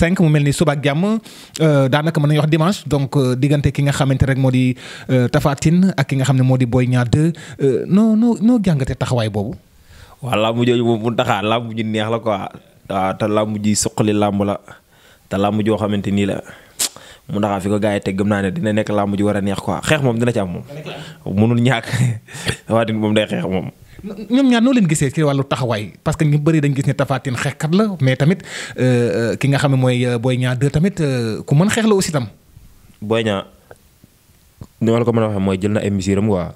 cinq mu mel ni suba ak jàmm euh, daanaka mën nañ wax dimanche donc euh, diggante ki nga xamante rek moo di euh, Tapha ak ki nga xam ne moo di booy Niang 2 noo noo noo jàngatee taxawaay boobu. waaw làmb jooju moom mu taxaa làmb ji neex la quoi waaw te làmb ji suqali làmb la te làmb joo xamante nii la mu taxaa fi ko gars yi teg gëm naa ne dina nekk làmb ji war a neex quoi xeex moom dina ci am moom. mënul ñàkk waaye moom day xeex moom. ñoom ñaar noo leen gisee ci wàllu taxawaay parce que ñu bëri dañ gis ne Tapha Tine xeexkat la mais tamit euh, euh, ki nga xam ne mooy booy ñaar 2 tamit euh, ku mën xeex la aussi tam. booy Niang ni ma la ko mën a waxee mooy jël na ay misiram waa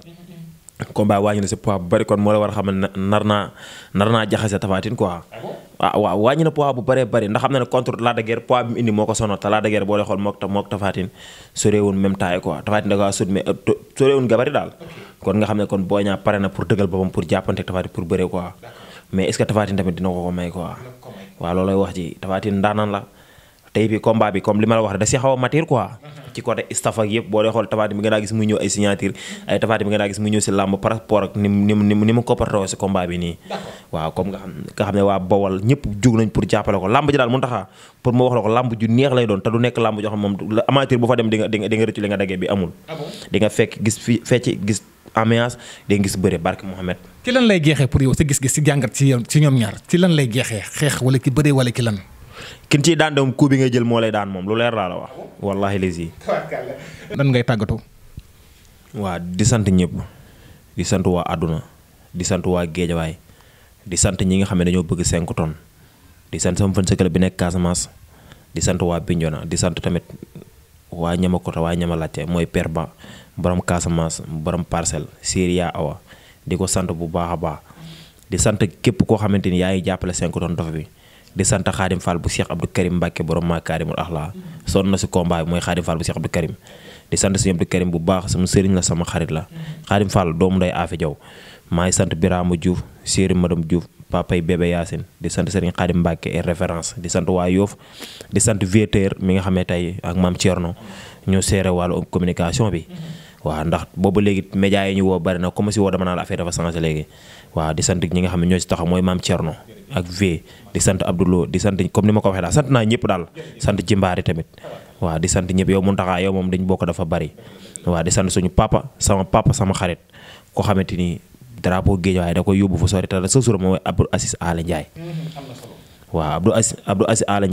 combat wàññi na si poids bu bëri kon moo la war a xamal ne nar naa nar naa jaxase tafaatin quoi. waaw ah ah, waaw wàññi na poids bu bëree bëri ndax xam na ne contre Lac de Guiers poids bi mu indi moo ko sonal te Lac boo lay xool mook mook tafaatin soreewul même taille quoi tafaatin da ngaa sut euh, gabari daal. kon nga xam ne kon Boy Niang pare na pour dëggal boppam pour jàppante ak tafaatin pour bëree quoi. mais est ce tafaatin tamit dina ko ko may quoi. waaw loolay tey bi combat bi comme li ma la wax da si xaw a matir quoi ci côté staff ak boo dee xool Tapha bi nga daa gis muy ñëw ay signature ay Tapha bi nga daa gis muy ñëw si làmb par ak ni mu ni mu ni si combat bi nii waaw comme nga xam ne waa Bawol ñëpp jug nañ pour jàppale ko làmb ji daal mun taxaa ju neex lay doon te du nekk làmb joo xam moom amateur bu fa dem di nga di rëccu li nga dagee bi amul ah di nga fekk gis fi fecc gis ambiance di nga gis bëre barke Mohamed. pour yow si jàngat si yow si ñoom ñaar ci lan lay jeexee xeex wala ki bëre kin ciy daan dem coup bi nga jël moo lay daan moom lu leer laa la wax wallaahi les yi. nan ngay tàggatoo. waa di sant ñëpp di sant waa àdduna di sant waa géejawaay di sant ñi nga xam ne dañoo bëgg 5 tonnes di sant sama fan sa bi nekk Casamance di sant waa Bignona di sant tamit waa ñama kota waa ñama laajte mooy Père Ba borom Casamance borom parcelle Syria Awa di ko sant bu baax a baax di sant képp koo xamante ni yaa ngi jàppale 5 tonnes dof bi. di sant xaadim Fall bu Cheikh Abdou Karim Mbacke borom Makaarimul Axlaa sonn na si combat bi mooy xaadim Fall bu Cheikh Abdou Karim di sant si Abdou Karim bu baax sama sëriñ la sama xarit la xaadim Fall doomu nday Afe Jaw maa ngi sant Birama Diouf séeri madame Diouf papay bébé Yacine di sant sëriñ xaadim Mbacke et référence di sant waa Yoof di sant Vieteur mi nga xam ne tey ak maam Thierno ñoo seere wàllu communication bi waaw ndax boobu léegi médias yi ñu woo bari na comme si woo dama naan affaire dafa changé léegi waaw di sant ñi nga xam ne ñoo ci taxaw mooy maam Thierno ak V di sant Abdoulo di sant comme ni ma ko waxee daal sant naa ñëpp daal sant jimbaari tamit waaw di sant ñëpp yow mu ndaxaa yow moom dañ bokk dafa bari waaw di sant suñu papa sama papa ko xamante ni drapeau géej waaye sa sura mooy Abdou Aziz Ala Ndiaye waaw Abdou Aziz Abdou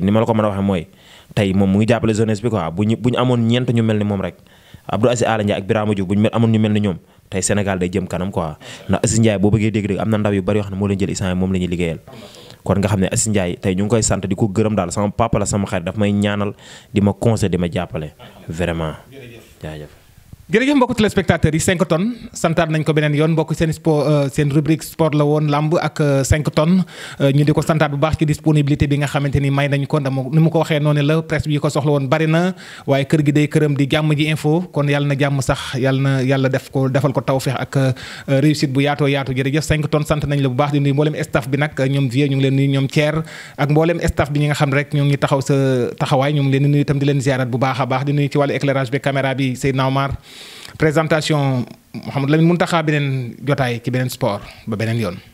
ni ma la ko mën a waxee mooy tey moom mu ngi jàppale jeunesse bi quoi bu ñu ñu amoon ñeent ñu mel ni moom rek Abdou Aziz Ala Ndiaye ak Birama Diouf bu ñu mel amoon ñu mel ni ñoom tey Sénégal day jëm kanam quoi ndax Aziz Ndiaye boo bëggee dégg-dégg am na ndaw yu bari yoo xam moo leen jël isaan moom la ñuy liggéeyal kon nga xam ne Aziz Ndiaye tey ñu ngi koy sant di ko gërëm daal sama papa la sama xarit daf may ñaanal di ma conseil di ma jàppale vraiment jaajëf jërëjëf mbokku téléspectateurs yi 5 tonnes santaat nañ ko beneen yoon mbokk seen sport euh, seen rubrique sport la woon lamb ak 5 euh, tonnes euh, ñu di ko santaat bu baax ci disponibilité bi nga xamante ni may nañ ko dama ni mu ko waxee noonu la presse bi ko soxla woon bari na waaye kër gi day këram di jàmm ji info kon yàlla na jàmm sax yàlla na yàlla def ko defal ko tawfeex ak réussite bu yaatoo yaatu jërëjëf 5 tonnes sant nañ la bu baax di nuyu mboolem staff bi nag ñoom vieux nga xam rek ñoo ngi taxaw sa taxawaay ñu leen nuyu itam leen bu baax baax di nuyu ci wàllu éclairage bi caméra bi Seydina présentation Mouhamadou mun Mountakha beneen jotaay ki beneen sport ba beneen yoon.